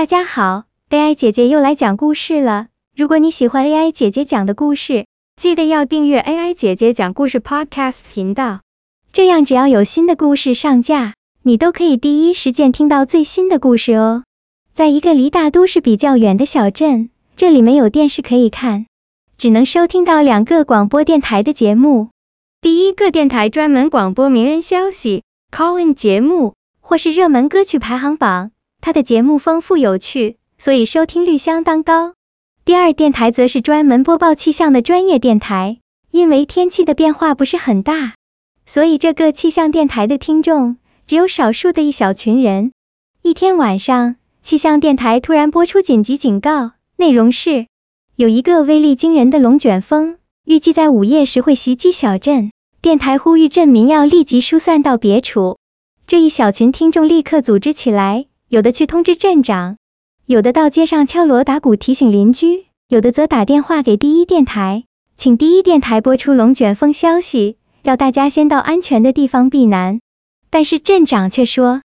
大家好，AI 姐姐又來講故事了。如果你喜歡 AI 姐姐講的故事，記得要訂閱 AI 姐姐講故事 Podcast 頻道，這樣只要有新的故事上架，你都可以第一時間聽到最新的故事哦。在一個離大都市比較遠的小鎮，這裡沒有電視可以看，只能收聽到兩個廣播電臺的節目。第一個電臺專門廣播名人消息，Call in 節目，或是熱門歌曲排行榜。他的節目豐富有趣，所以收聽率相當高。第二電台則是專門播報氣象的專業電台，因為天氣的變化不是很大，所以這個氣象電台的聽眾只有少數的一小群人。一天晚上，氣象電台突然播出緊急警告，內容是有一個威力驚人的龍捲風，預計在午夜時會襲擊小鎮，電台呼籲鎮民要立即疏散到別處。這一小群聽眾立刻組織起來。有的去通知鎮長，有的到街上敲鑼打鼓提醒鄰居，有的則打電話給第一電台，請第一電台播出龍捲風消息，要大家先到安全的地方避難。但是鎮長卻說，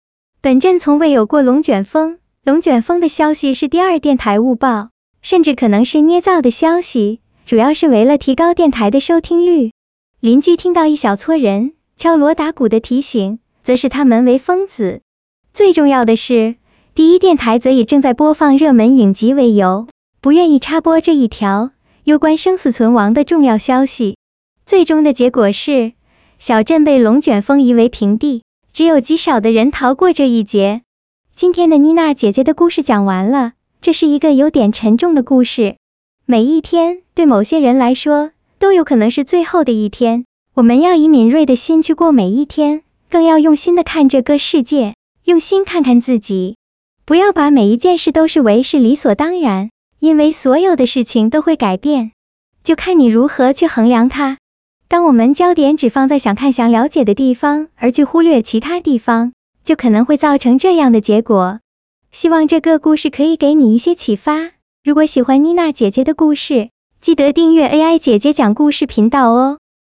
本鎮從未有過龍捲風，龍捲風的消息是第二電台誤報，甚至可能是捏造的消息，主要是為了提高電台的收聽率。鄰居聽到一小撮人敲鑼打鼓的提醒，則視他們為瘋子。最重要的是，第一電台則以正在播放熱門影集為由，不願意插播這一條攸關生死存亡的重要消息。最終的結果是，小鎮被龍捲風夷為平地，只有極少的人逃過這一劫。今天的妮娜姐姐的故事講完了，這是一個有點沉重的故事。每一天對某些人來說，都有可能是最後的一天。我們要以敏銳的心去過每一天，更要用心的看這個世界。用心看看自己，不要把每一件事都視為是理所當然，因為所有的事情都會改變，就看你如何去衡量它。當我們焦點只放在想看、想了解的地方，而去忽略其他地方，就可能會造成這樣的結果。希望這個故事可以給你一些啟發。如果喜歡妮娜姐姐的故事，記得訂閱 AI 姐姐講故事頻道哦。